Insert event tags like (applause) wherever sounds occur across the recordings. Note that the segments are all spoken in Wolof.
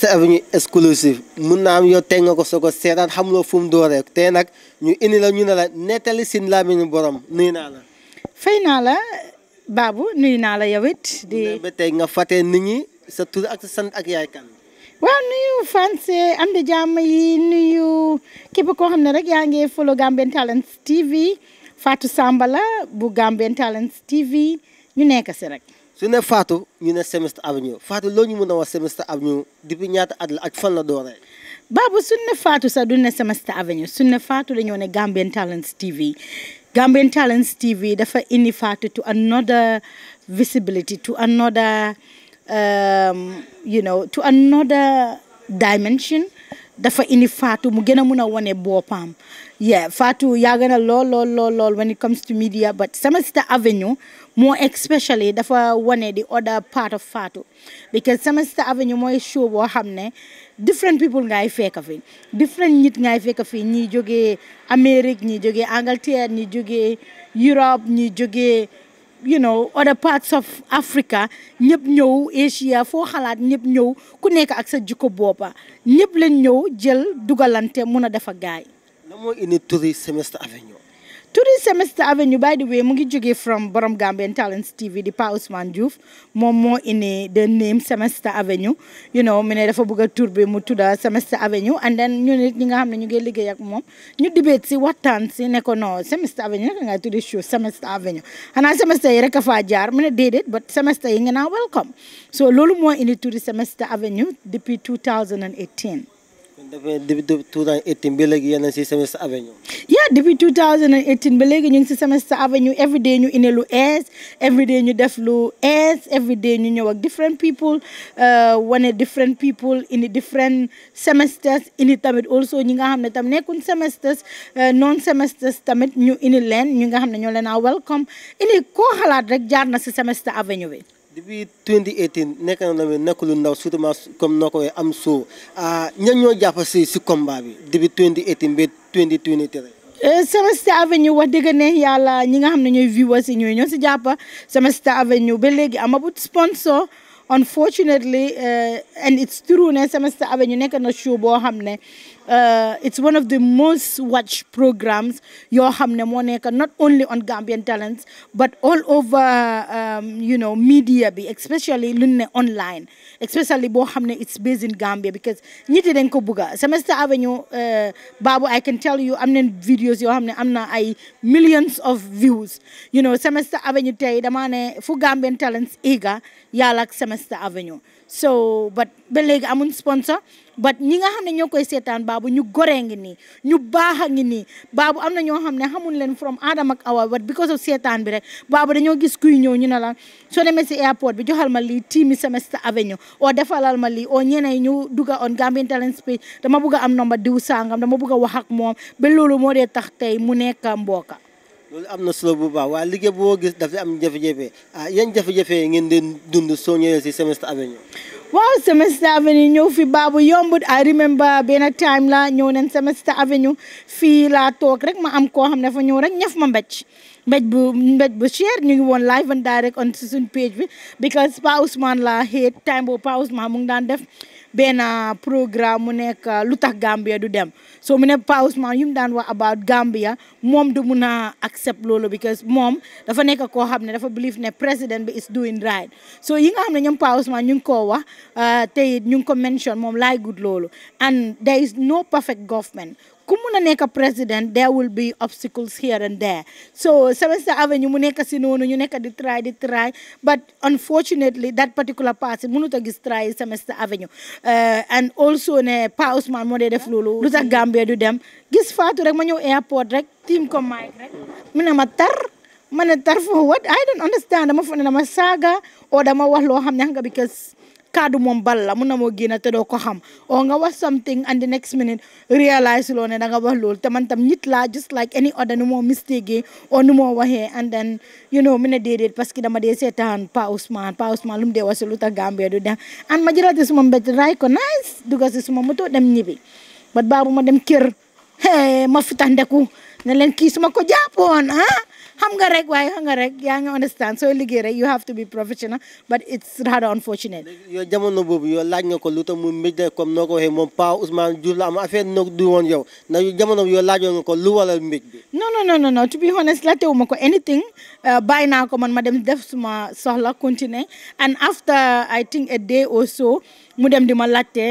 sa avenue exclusive mun naa am yow nga ko soo ko seetaan xamuloo fu mu dooree te nag ñu indi la ñu ne la nettali si làmmiñu borom nuyu naa la. fay naa la Babou nuyu naa la yow di nga fàtte nit ñi sa tur ak sa sant ak yaay kan. waaw nuyu fans am na jàmm yi nuyu képp koo xam ne rek yaa ngi follow Gambian Talents TV Fatou Samba la bu Gambian Talents TV ñu nekk si rek. su ne ñu ne Semester Avenue Fatou loo ñu mën a wax Semester Avenue depuis ñaata at ak fan la dooree. Babou su ne Fatou sax du ne Semester Avenue su faatu Fatou dañoo ne Gambian Talents TV Gambian Talents TV dafa indi Fatou to another visibility to another um, you know to another dimension. dafa indi Fatou mu gën a mun a wane boppam yeah Fatou yàgg na lool lool lool lool when it comes to media but Semester Avenue more especially dafa wane the other part of Fatou because Semester Avenue mooy show boo xam ne different people ngay fekk fi different nit ngay fekk fi ñi jógee Amérique ñi jógee Angleterre ñi jógee Europe ñi jógee you know other parts of Africa ñëpp ñëw Asia foo xalaat ñëpp ñëw ku nekk ak sa jikko booba ñëpp lañ ñëw jël dugalante mun a dafa gaay. lan moo indi turi Semester Avenue. Today's semester avenue by the way mu ngi jógee from borom Gambian Talents TV di Pa Ousmane Diouf moom moo indi the name semester avenue you know mu ne dafa bëgg a tur mu tudda semester avenue and then ñu nit ñi nga xam ne ñu ngi liggéey ak moom ñu dibéet si waxtaan si ne ko non semester avenue naka nga tuddee show semester avenue xanaa semester yi rek a faa jaar mu ne déedéet but semester yi nga naa welcome so loolu moo indi tuddi semester avenue depuis 2018 2018 ba léegi yéen a si semester avenue. yeah depuis 2018 ba léegi ñu ngi si semester avenue every day ñu indi lu ees every day ñu def lu ees every day ñu ñëw ak different people uh, wane different people indi different semesters indi tamit also ñi nga xam ne tam nekkuñ semesters uh, non semesters tamit ñu indi leen ñi nga xam ne ñoo leen a welcome indi ko xalaat rek jaar na si semester avenue bi. depuis 2018 nekk na nekk lu ndaw surtout comme noo ko waxee am soo ah, ñan ñoo jàpp si si combat bi depuis 2018 ba 2023. Eh, Semester Avenue wax dëgg ne yàlla ñi nga xam ne ñooy viewers si ñooy ñoo si jàpp Semester Avenue ba léegi amagut sponsor. unfortunately eh, and it's true ne Semester Avenue nekk na show boo xam ne Uh, it's one of the most watched programs yoo xam ne not only on Gambian Talents but all over um, you know media especially lu online especially boo it's based in Gambia because ñi ti dañ Semester Avenue uh, Babu I can tell you am in videos yoo xam i am not, I millions of views you know Semester Avenue tey damaa ne Gambian Talents Ega. yàlla ak Semester Avenue so but ba léegi amuñ sponsor but ñi nga xam ne ñoo koy seetaan baabu ñu goree ngi nii ñu baax a ngi nii baabu am na ñoo xam ne xamuñ leen from Adam ak Awa but because of seetaan birek rek baabu dañoo gis kuy ñëw ñu ne la ne demee si airport bi joxal ma timi tiimi Semester Avenue oo defalal ma lii oo ñeneen ñu dugga on Gambian Talents page dama bugg am nomba diw sangam dama bugg a wax ak moom ba loolu moo dee tax tey mu nekk mbooka loolu am na solo bu baax waaye liggéey boo gis dafa am jafe-jafe ah yan jafe-jafe ngeen di dund soo ñëwee si Semester Avenue. waaw Semester Avenue ñëw fi baabu yombut I remember benn time la ñëw nañ Semester Avenue fii laa toog rek ma am koo xam ne fa ñëw rek ñaf ma mbécc. mbéj bu mbéj bu cher ñu ngi woon live and direct on si suñ page bi because Pa Ousmane la xëy time boobu Pa Ousmane mu ngi daan def benn programme mu nekk uh, lu tax Gambia du dem so mu ne Pa Ousmane yu mu daan wax about Gambia moom du mun a accept loolu because moom dafa nekk koo xam ne dafa believe ne président bi is doing right so yi nga xam ne ñoom Pa Ousmane ñu ngi koo wax uh, te it ñu ngi ko mention moom laay gudd loolu and there is no perfect government ku mun a nekk président there will be obstacles here and there so Semester Avenue mu nekk si noonu ñu nekk di try di try but unfortunately that particular party mënut a gis try Semester Avenue uh, and also ne Pa Ousmane moo dee def loolu lu tax Gambia du dem gis Fatou rek ma ñëw airport rek tiim ko mic rek mu ne ma tar ma ne tar for what I don't understand dama foog ne dama saaga o dama wax loo xam ne xam because kadu mom balla mun na mo gina te do ko xam o nga something and the next minute realize lo ne da nga wax lol te man tam nit la just like any other no more mistake or no more wahe and then you know mina dedet parce que dama de setan pa ousman pa ousman lum de lu ta gambe do da and ma jirate suma mbet ray ko nice duga ci suma moto dem ñibi bat babu ma dem kër he ma futandeku ne len ki suma ko japon ha huh? xam nga rek waaye xam nga rek yaa ngi understand soo liggéey rek you have to be professional but it's rather unfortunate. yow jamono boobu yow laaj nga ko lu tax mu mbéj comme noo ko waxee moom Pa Ousman Joof la am affaire noo du woon yow na jamono yow laajoon nga ko lu waral mbéj bi. non non non non to be honest la teewu ma ko anything uh, bàyyi naa ko man ma dem def suma soxla continuer and after I think a day or so. mu dem di ma laajte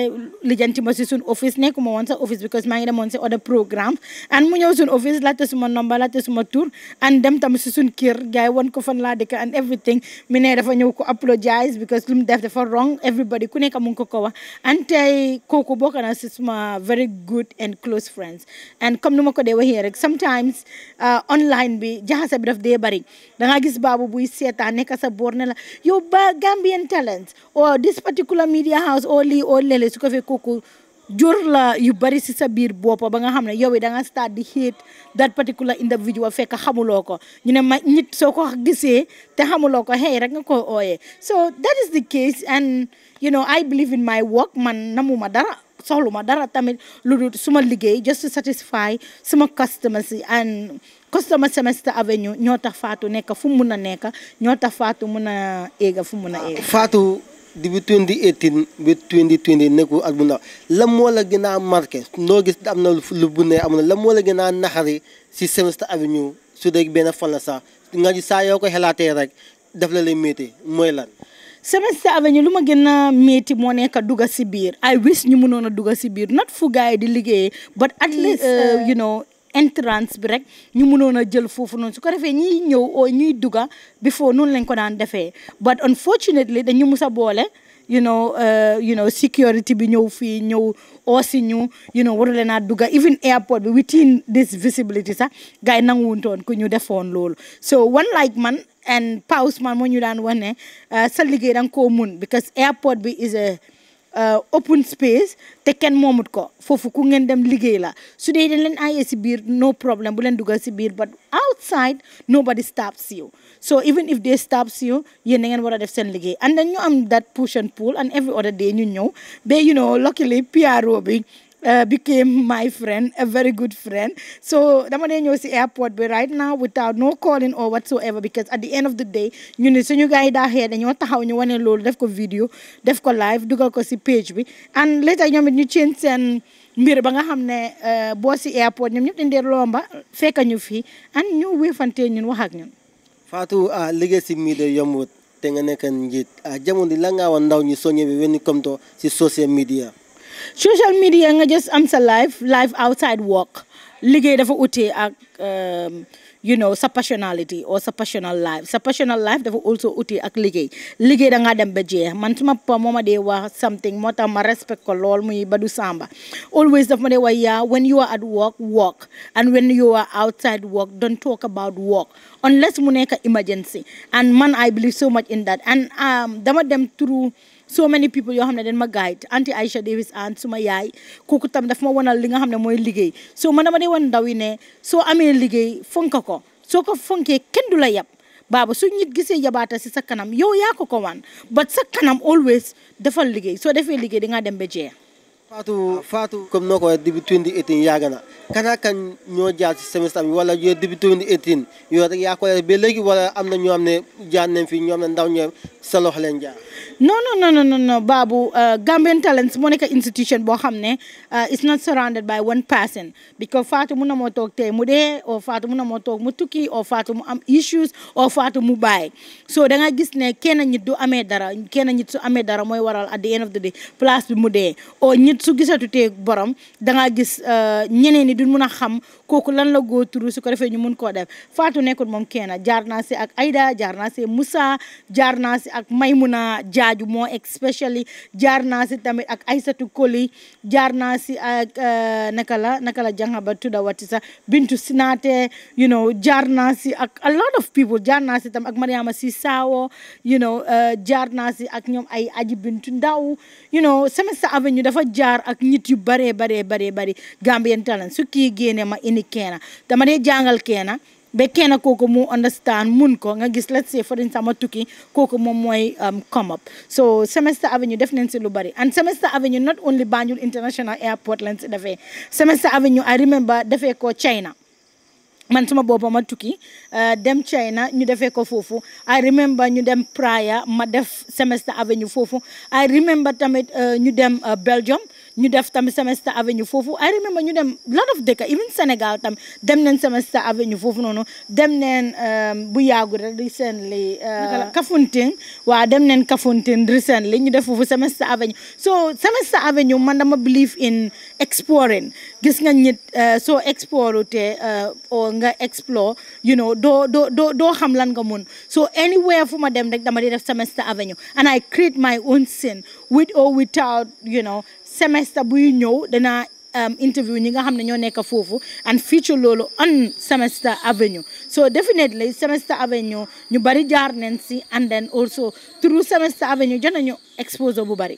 lijanti ma si suñ office nekkuma woon sa office because maa ngi demoon si other programme and mu ñëw suñ office laajte suma nomba laajte suma tour and dem tam si suñ kër gars won wan ko fan laa dëkk and everything mi ne dafa ñëw ko apologize because lu mu def dafa wrong everybody ku nekk mu ngi ko ko wax and tey kooku bokk na suma very good and close friends and comme nu ma ko dee waxee rek sometimes uh, online bi jaxase bi daf dee bari da nga gis baabu buy seetaan nekk sa boor la yow ba Gambian talent or this particular media house Oli oli lii le lele su ko fee kooku jur la yu bari ci sa bir bop ba nga xamne yow da nga start di hit that particular individual fek hamuloko. ko ñu ne ma nit soko wax gisee te xamuloko hey rek nga ko so that is the case and you know I believe in my work man namuma dara soxluma dara tamit lu dul suma liggey just to satisfy suma customers and customer Semester Avenue ñota fatu neka fumuna fu mu na nek ñota fumuna mu na ega fu mu na ega fatu bi 2018 bi 2020 nekkul at bu ndaw lan moo la gën a marqué noo gis am na lu bu ne am na lan moo la gën a naxari si Semester Avenue su dee benn fan la sax nga ji saa yoo ko xalaatee rek daf la lay métti mooy lan. Semester Avenue lu ma gën a métti moo nekk dugga si biir I wish ñu mënoon a dugga si biir not fu gars di liggéeyee but at least uh, uh, you know. entrance bi rek ñu mënoon a jël foofu noonu su ko defee ñiy ñëw o ñuy duga before noonu lañ ko daan defee but unfortunately dañu mus a boole you know uh, you know security bi ñëw fii ñëw oosi ñu you know waru leen a duga even airport bi within this visibility sax gars yi nanguwutoon ku ñu defoon loolu so one like man and Pa Ousman moo ñu daan wane uh, sa liggéey danga koo mun because airport bi is a Uh, open space te kenn moomut ko foofu ku ngeen dem liggéey la su dee dañ leen aaye si biir no problem bu leen dugal si biir but outside nobody stops you so even if they stops you yéen ngeen war a def seen liggéey and then ñu am that push and pull and every other day ñu ñëw ba you know luckily PRO bi Uh, became my friend, a very good friend. So dama dee ñëw si airport bi right now without no calling or whatsoever because at the end of the day ñu ne suñu gars yi daa xëy dañoo taxaw ñu wane loolu def ko video def ko live dugal ko si page bi and later ñoom it ñu change seen mbir ba nga xam ne uh, boo si airport ñoom ñëpp dañ dee lomba fekk ñu fii and ñu wéefante ñun wax ak ñun. Fatou ah, liggéey si media yombut te nga nekk njiit ah, jamono la ngaa woon ndaw ñi soññee bi when si social media. social media nga just am sa life life outside work liggéey dafa utee ak um, you know sa personality or sa personal life sa personal life dafa also utee ak liggéey liggéey da ngaa dem ba jeex man suma pa moo ma wax something moo ma respect ko lool muy Badou Samba always daf ma dee ya when you are at work work and when you are outside work don't talk about work unless mu nekk emergency and man I believe so much in that and um, dama dem through so many people yoo xam ne dañ ma guide anti Aisha Davis and suma yaay kooku tam daf ma wanal li nga xam ne mooy liggéey so man dama dee wan ndaw yi ne soo amee liggéey fonka ko soo ko fonkee kenn du la yab baaba su nit gisee yabaata si sa kanam yow yaa ko wan but sa kanam always defal liggéey soo defee liggéey di nga dem ba jeex faatu Fatou comme noo ko waxee depuis 2018 yàgg na kan ak kan ñoo jaar ci semestre bi wala yooyu depuis 2018 yow rek yaa ko ba léegi wala am na ñoo xam ne jaar nañ fi ñoo xam ne ndaw ñoom sa loxo leen jaar. non non non non non Babou euh, Gambian Talents moo nekk institution boo xam ne euh, it's not surrounded by one person because Fatou mun na moo toog tey mu dee oo Fatou mun na moo toog mu tukki oo Fatou mu am issues oo Fatou mu bàyyi so da nga gis ne kenn nit du amee dara kenn nit su amee dara mooy waral at the end of the day place bi mu dee oo nit su gisatu tey borom da nga gis euh, ñeneen ñi duñ mun a xam kooku lan la góor turu su ko defee ñu mun koo def Fatou nekkul moom kenn jaar naa si ak Aida jaar naa si Moussa jaar naa si ak Maymuna jaar Sadio moo especially jaar naa si tamit ak Aysatu Koli jaar naa si ak euh, naka la naka la jànga ba tudda wati sax Bintu Sinaate you know jaar naa si ak a lot of people jaar naa si tamit ak Mariama si Saawo you know euh, jaar naa si ak ñoom ay aji Bintu Ndaw you know Semester Avenue dafa jaar ak nit yu bare bare bare bare Gambian Talents su kii génne ma indi keena dama dee jàngal keena ba na kooku mu understand mun ko nga gis let's say for instance ma tukki kooku moom mooy um, come up so Semester Avenue def nañ si lu bari and Semester Avenue not only Banjul International Airport lañ si defee Semester Avenue I remember defee ko China man suma boppa ma tukki uh, dem China ñu defee ko foofu I remember ñu dem Praia ma def Semester Avenue foofu I remember tamit uh, ñu dem uh, Belgium ñu def tamit Semester Avenue foofu I remember ñu dem lot of dëkk even Sénégal tam dem neen Semester Avenue foofu noonu dem neen um, bu yàggu rek recently uh, Kafountine waa dem neen Kafountine recently ñu def foofu Semester Avenue so Semester Avenue man dama believe in exploring gis nga nit uh, soo explore te uh, o nga explore you know doo doo doo doo xam lan nga mun so anywhere fu ma dem rek dama di def Semester Avenue and I create my own scene with or without semester buy ñëw danaa um, interview ñi nga xam ne ñoo nekk foofu and feature loolu on semester avenue so definitely semester avenue ñu bari jaar nañ si and then also through semester avenue jot nañu exposure bu bari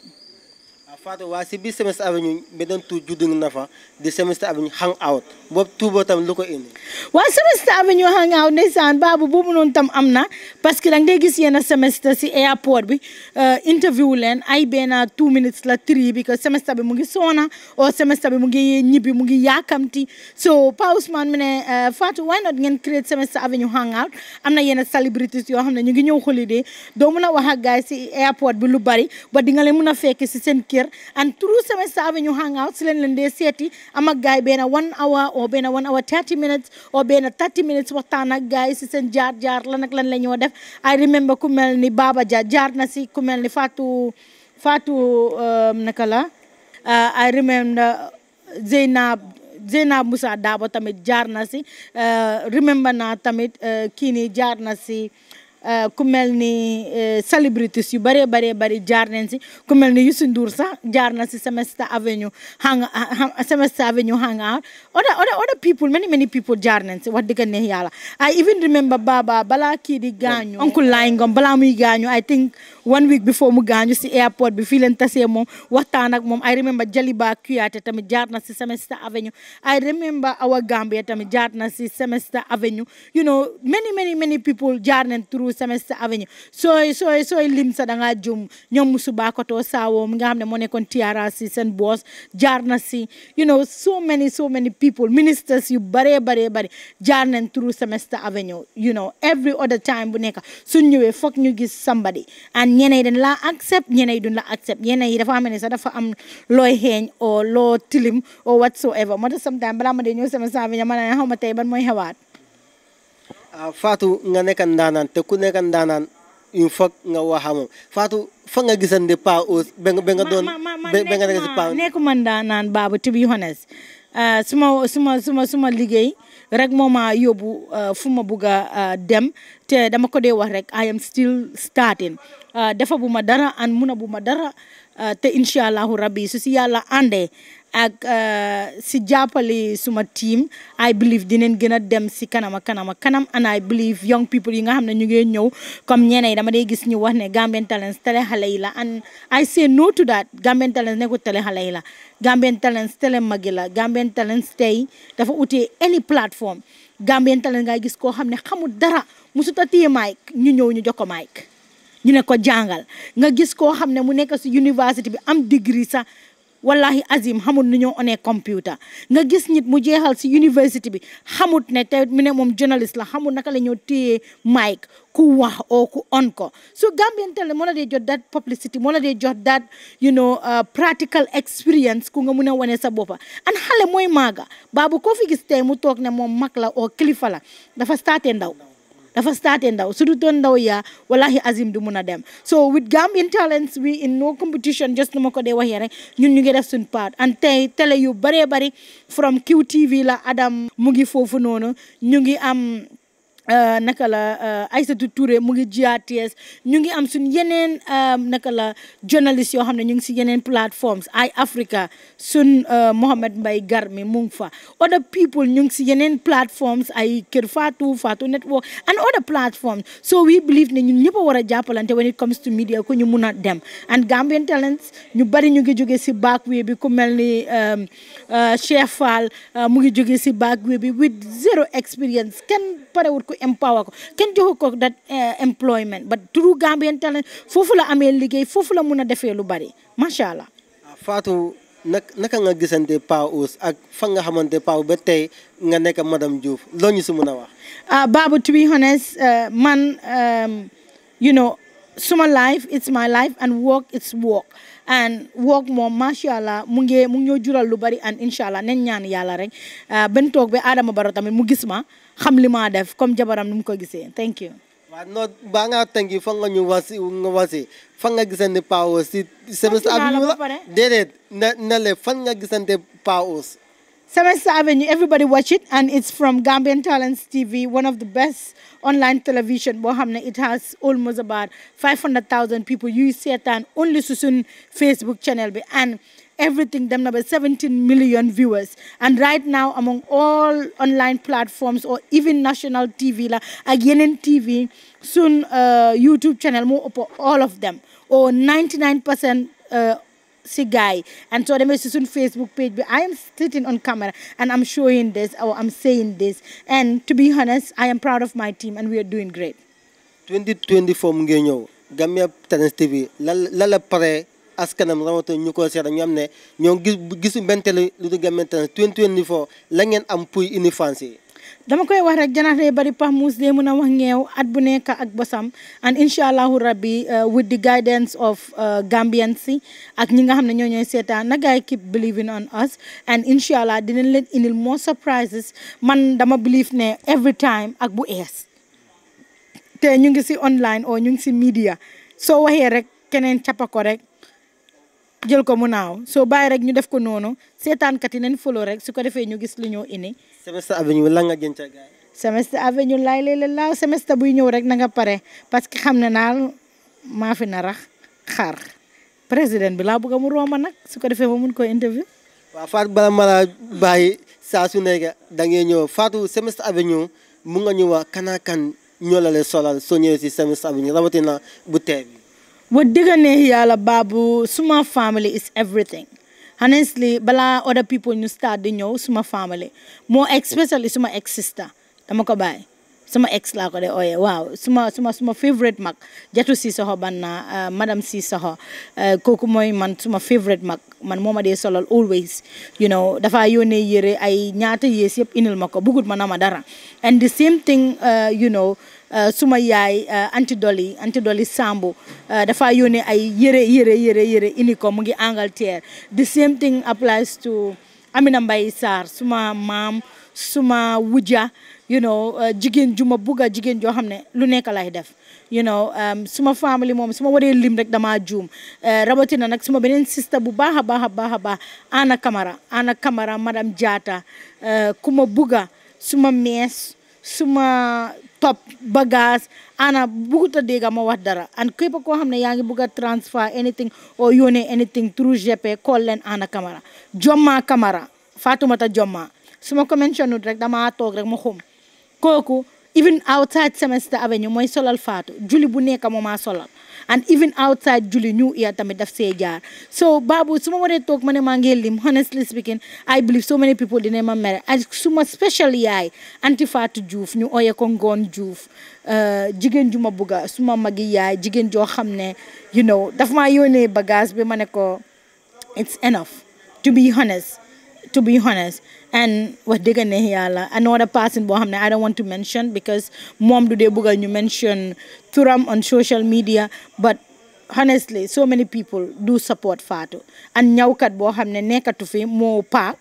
faatu waaye si biir semestre avenue beneen tuut juddu na fa di semestre avenue hang out boobu tuuboo tam lu ko indi waaye semestre avenue hang out ndeysaan baabu boobu noonu tam am na parce que da ngay gis yenn semestre si airport bi euh, interview leen ay benn two minutes la tri bi que semestre bi mu ngi soona o semestre bi mu ngi ñibbi mu ngi yaakamti so Pa Ousmane mu ne euh, Fatou why not ngeen create semestre avenue hang out am na yenn celebrities yoo xam ne ñu ngi ñëw holiday doo mun a wax ak gars si airport lu bari ba di nga leen mun a fekk si seen kër and through Semester Avenue Hangouts leen leen dee len am ak gaay benn one hour or benn one hour thirty minutes or benn thirty minutes waxtaan ak gaay si seen jaar jaar lan ak lan la ñoo def I remember ku mel ni Baba Jah jaar na si ku mel ni Fatou faatu um, naka la uh, I remember Zeynab Zeynab Moussa Dabo tamit jaar na si uh, remember naa tamit uh, kii nii jaar na si Euh, ku mel ni euh, celebrities yu bëree bëree bëri jaar nañ si ku mel ni Youssou Ndour sax jaar na si Semester Avenue hang Semester Avenue hang out other other other people many many people jaar nañ si wax dëgg neex yàlla I even remember Baba balaa kii di gaañu oncle Laye Ngom balaa muy gaañu I think one week before mu gaañu si airport bi fii leen tasee moom waxtaan ak moom I remember Jaliba Kuyate tamit jaar na si Semester Avenue I remember Awa Gambia tamit jaar na si Semester Avenue you know many many many people jaar tout semestre avenue sooy sooy sooy lim sa da ngaa jum ñoom musu baakatoo saawoo mi nga xam ne moo nekkoon tiara si seen boos jaar na si you know so many so many people ministers yu baree baree bari jaar nañ through semester avenue you know every other time bu nekk suñ ñëwee foog ñu gis somebody and ñeneen yi la laa accept ñeneen yi la accept ñeneen yi dafa am ne sax dafa am looy xeeñ o loo tilim o whatsoever moo tax sometime balaa ma dee ñëw semester avenue ma ne xaw ma tey ban mooy xewaat Ah, faatu nga nekka ndaanaan te ku nekka ndaanaan il nga wax moom Fatou fa nga gisande pa au ba nga ba nga doon ba nga nekk si pa nekkuma ndaanaan baabu to be honest ah, suma suma suma suma liggéey rek moo ma yóbbu ah, fu ma bugg a dem te dama ko dee wax rek I am still starting defa bu ma dara an muna bu ma dara te incha allahu rabbi su si yàlla àndee ak euh, si jàppale suma team I believe dinañ gën a dem si kanam a kanam kanam and I believe young people yi nga xam ne ñu ngi ñëw comme yi dama day gis ñu wax ne Gambian Talents télé xale yi la and I say no to that Gambian Talents nekkul télé yi la Gambian Talents télé la Gambian tey dafa utee any platform Gambian Talents ngay gis koo xam ne xamul dara musuta téye mike ñu ñëw ñu jox ko mike ñu ne ko jàngal nga gis koo xam ne mu nekk si université bi am degree sax wallahi azim xamut ni ñoo onee computer nga gis nit mu jeexal si university bi xamut ne te mu ne moom journaliste la xamut naka la ñoo téyee mic ku wax oo ku on ko so Gambian tele moo la dee jot that publicity moo la dee jot that you know uh, practical experience ku nga mun ne woné sa boppa an xale mooy maaga babu koo fi gis tey mu toog ne moom mag la oo kilifa la dafa staté ndaw dafa starté ndaw su du doon yaa wallahi azim du mun a dem so with Gambian talents we in no competition just nu ko dee waxee rek ñun ñu ngi def suñ part and tey télé yu bëree bëri from QTV la Adam mu ngi foofu noonu ñu ngi am Euh, naka la euh, Aïssatou Touré mu ngi GRTS ñu ngi am suñ yeneen euh, naka la journaliste yoo xam ne ñu ngi si yeneen plateformes Eye Africa sun Mohamed Mbaye Garmi mu ngi fa other people ñu ngi si yeneen plateformes ay Kër Fatou Fatou Network and other platforms so we believe ne ñun ñëpp a war a jàppalante when it comes to media ku ñu mun a dem and Gambian talents ñu bari ñu ngi jóge si back way bi ku mel ni Cheikh Fall mu ngi jóge si back way bi with zero experience kenn parewut ko empower ko kenn joxu ko that eh, employment but through Gambian talent foofu la amee liggéey foofu la mun a defee lu bari macha allah. Ah, Fatou naka nga gisante Pa Ouce ak fan nga xamante Pa ba tey nga nekka madame Diouf loo ñu si mun a wax. ah Babou to be honest eh, man um, you know. suma life it's my life and work it's work and work moom macha allah mu ngi mu ngi jural lu bari and incha allah nen ñaan yàlla rek ah, benn toog ba Adama Barrow tamit mu gis ma xam li maa def comme jabaram ni mu ko gisee thank you. waaw non ba nga tënki nga ñu wasi nga wasi fan nga gisante Paa Ouz si. semence ab déedéet na na le fan nga gisante Paa Ouz Semester Avenue, everybody watch it, and it's from Gambian Talents TV, one of the best online television. Bohamne, it has almost about 500,000 people. You see it on only Susun Facebook channel, and everything them number 17 million viewers. And right now, among all online platforms or even national TV, like again TV, soon uh, YouTube channel, more all of them, or 99% uh, si guy and so demee si suñ Facebook page bi I am sitting on camera and I'm showing this or I'm saying this and to be honest I am proud of my team and we are doing great 2024 mu ngi ñëw Gambia Talents TV lala la pare askanam rawata ñu ko seetal ñu am ne ñoo gis gisu benn lu 2024 la ngeen am dama koy wax rek janax day bari pax muus day mën a wax ngeew at bu nekk ak bosam and inchallahu rabbi uh, with the guidance of uh, gambiansi ak ñi nga xam ne ñoo ñooy na gay keep believing on us and inchallah dinañ leen indil more surprises man dama believe ne every time ak bu ees te ñu ngi si online o ñu ngi si media so waxee rek keneen cappa ko rek jël ko mu naaw soo bàyyi rek ñu def ko noonu seetaankat yi nañ follow rek su ko defee ñu gis lu ñoo semester avenue la nga gën ca gaay semestre avenue lay lay la semester bu ñëw rek na nga pare parce que xamna ne naal maa fi nar a xaar président bi la bëgg mu roma nak su ko défé mo mën ko interview wa fat bala mala la sa saa su nekk da ngay ñëw Fatou semestre avenue mu nga ñëw kana kan ñolale solal so ñëwee si semestre avenue na bu tee wa dëgg yalla babu suma family is everything honestly bala other people in start di ñëw suma family more especially suma ex sister tamako bay, suma ex la ko de ooye oh wow, suma suma suma favorite mak, jatu si soxo ban na uh, madame si soxo uh, kooku mooy man suma favorite mak man moo ma dee always you know dafa yone yére ay ñaata yées yëpp inil ma bugut ma dara and the same thing uh, you know Euh, suma yaay euh, anti doli anti doli Sambu euh, dafa yónnee ay yére yëre yére yëre indi mu ngi Angleterre the same thing applies to Amina Mbaye Sarr suma maam suma wujja you know jigéen juma ma bugga jigéen joo xam ne lu nekk lay def you know um, suma family moom suma waree lim rek damaa juum rabatina nag suma beneen sista bu baax a baax a baax a baax Anna Camara Anna kamara madam Jaata ku ma suma mees suma top bagage ana bugut a dégg ma wax dara and képp koo xam ne yaa ngi bugg a transfer anything or yónnee anything through GP call leen ana Camara Jomma Camara Fatoumata Jomma su ma ko mentionné rek damaa toog rek ma xum kooku even outside Semester Avenue mooy solal faatu julli bu nekk moo maa solal and even outside julli ñu iya tamit daf see jaar so Babou su ma waree toog ma ne maa ngi lim honestly speaking I believe so many people dinañ ma mere ak suma special yaay anti Fatou Diouf ñu ooyee ko Ngoon Diouf euh, jigéen ju ma bugga suma magi yaay jigéen joo xam ne you daf maa yónnee bagage bi ma ne ko it's enough to be honest to be honest and wax dëgg ne yàlla another person boo xam ne I don't want to mention because moom du dee bëgga ñu mention turam on social media but honestly so many people do support Fatou and ñawkat boo xam ne nekkatu fi moo paak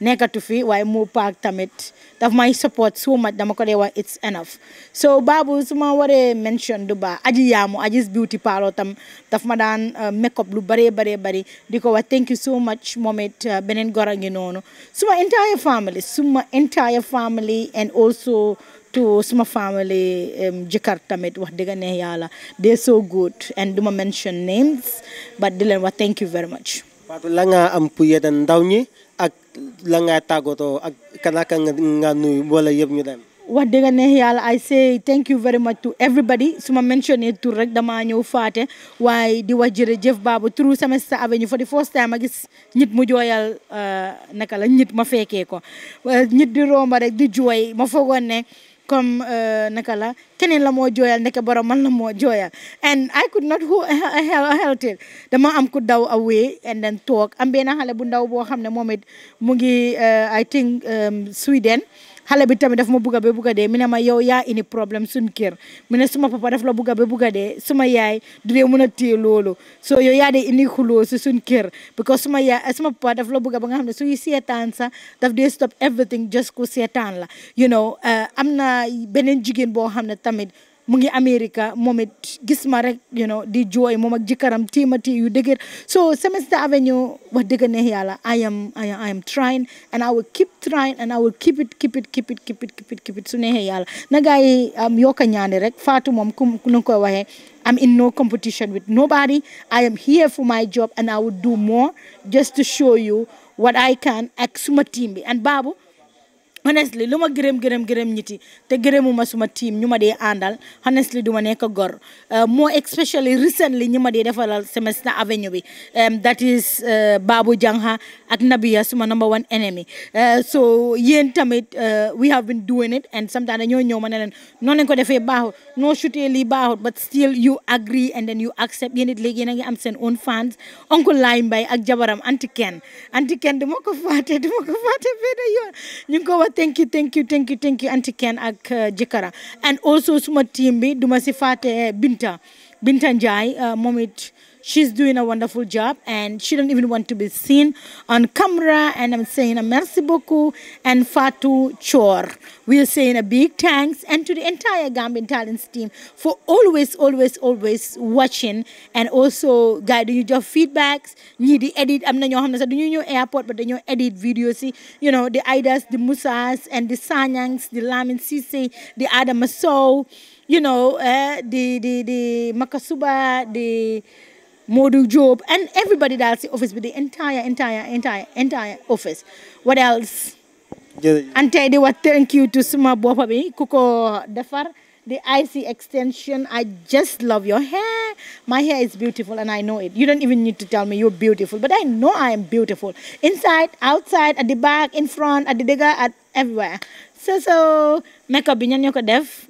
nekkatu fi waaye mu paak tamit daf may support so much dama ko dee wax it's enough so baabu su ma waree mention du baa aji yaamu aji's beauty parlor tam daf ma daan uh, make lu bëree bëree bëri di ko wax thank you so much moom uh, beneen gora gi noonu suma entire family suma entire family and also to suma family um, jëkkër tamit wax dëgg neex yàlla they so good and duma mention names but di leen wax thank you very much ak la ngaa tàggatoo ak kanaka nga nuyu wala yëpp ñu dem. wax dëgg neex yàlla I say thank you very much to everybody su ma mentionné tur rek damaa ñëw faate waaye di wax jërëjëf baabu through Semester Avenue for the first time a gis ñit mu jooyal uh, naka la ñit ma fekkee ko ñit uh, di romba rek di jooy ma foogoon ne. comme euh, naka la keneen la moo jooyal ndeke borom man la moo jooyal and I could not help it dama am ku daw away and then toog am benn xale bu ndaw boo xam ne moom it mu ngi euh, I think um, Sweden xale bi tamit daf ma bugga ba bugga dee mi ne ma yow yaa indi problème suñ kër mi ne suma papa daf la bugga ba bugga dee suma yaay du dee mën a téye loolu so yow yaa dee indi xuloo si suñ kër because suma yaay suma papa daf la bugga ba nga xam ne suy seetaan sax daf de stop everything just ku seetaan la you know eh, am na beneen jigéen boo xam ne tamit mu ngi America moom it gis ma rek you di jooy moom ak jëkkëram tiimati yu dëgër so Semester Avenue wax dëgg neex yàlla I am I am trying and I will keep trying and I will keep it keep it keep it su neexee yàlla na gaa yi am um, yokk a rek faatu moom ku nu koy waxee I'm in no competition with nobody. I am here for my job and I will do more just to show you what I can ak suma team bi and Babou honestly lu ma gërëm gërëm gërëm ñiti te gërëmuma suma team ñu ma àndal honestly du ma nekk gor euh, more especially recently ñu ma defalal Semester Avenue bi um, that is euh, Babu Jangha ak Nabiya suma number one enemy euh, so yéen tamit we have been doing it and sometimes dañoo ñëw ma ne leen noonu lañ ko defee baaxut noo but still you agree and then you accept yéen it léegi yéen am seen own fans Uncle Laye Mbaye ak jabaram anti Ken anti Ken du ko fàtte du ko fàtte ñu ko thank you thank you thank you thank you anti Ken ak uh, Jikara and also suma team bi duma si fàtte uh, Binta Binta Ndiaye uh, moom she's doing a wonderful job and she don't even want to be seen on camera and i'm saying a merci beaucoup and fatu chor we're saying a big thanks and to the entire gambian talents team for always always always watching and also guiding you your feedbacks need di edit am not your xam ne sax duñu ñëw airport but then you edit videos you know the idas the musas and the sanyangs the lamin the adama you know uh, the the the makasuba the Modu Job, and everybody that's the office with the entire, entire, entire, entire office. What else? Ante what, thank you to suma bopa kuko dafar the IC extension. I just love your hair. My hair is beautiful and I know it. You don't even need to tell me you're beautiful, but I know I am beautiful. Inside, outside, at the back, in front, at the digger, at everywhere. So so makeup bi ñan ñoko def?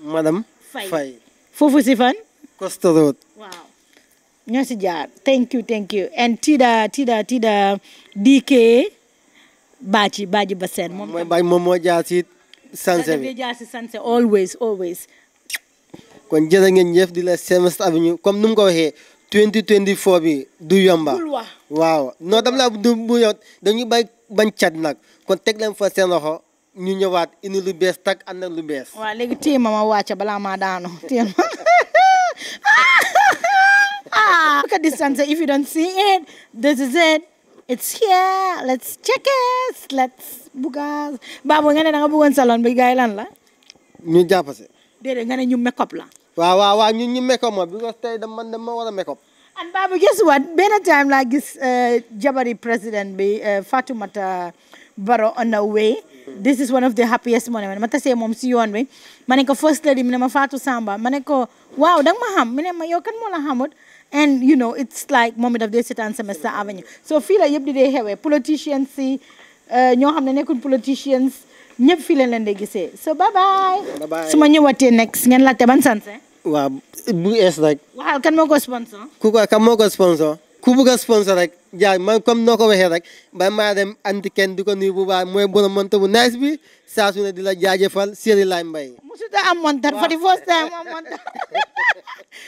Madam Faye. Fofu Sifan. Costa Road. ñoo si jaar thank you thank you and Tida Tida Tida DK Baaji moom moo jaar si sanse always always kon jërë ngeen jëf di la Semester Avenue comme nu mu ko waxee 2024 bi du yomba waaw non dam laa du bu yot dañu bay bañ cat nag kon teg leen fa seen loxo ñu ñëwaat indi lu bees tak ànd ak lu bees waaw léegi téye ma ma maa daanu (laughs) ah, look at this sunset. If you don't see it, this is it. It's here. Let's check it. Let's buga. Babu nga ne da nga bëggoon salon bi gaay lan la. ñu jàppase. déedéet nga ne ñu make up la. waaw waaw waaw ñun ñu make up ma because tey da man dama a make up. and Babu guess what benn time laa gis eh, jabari président bi eh, Fatoumata Barrow on the way. this is one of the happiest moment ma tasee moom si yoon bi ma ne ko first lady mi ne ma Fatou Samba ma ne ko waaw danga ma xam mi ne ma yow kan moo la xamut. and you know it's like moom it daf dee seetaan fii la yëpp di dee xewee politicians si eh, ñoo xam ne nekkul politicians ñëpp fii leen leen dee gisee so bye bye. su ma ñëwaatee next ngeen laajte eh? moo ko sponsor. ku ko sponsor. ku bugg a sponsor rek jaay man comme noo ko waxee rek ba maa dem anti kenn ko nuyu bu baax mooy borom monta bu nice bi saa su ne di la jaajëfal Seri Laye Mbaye. musuta (laughs)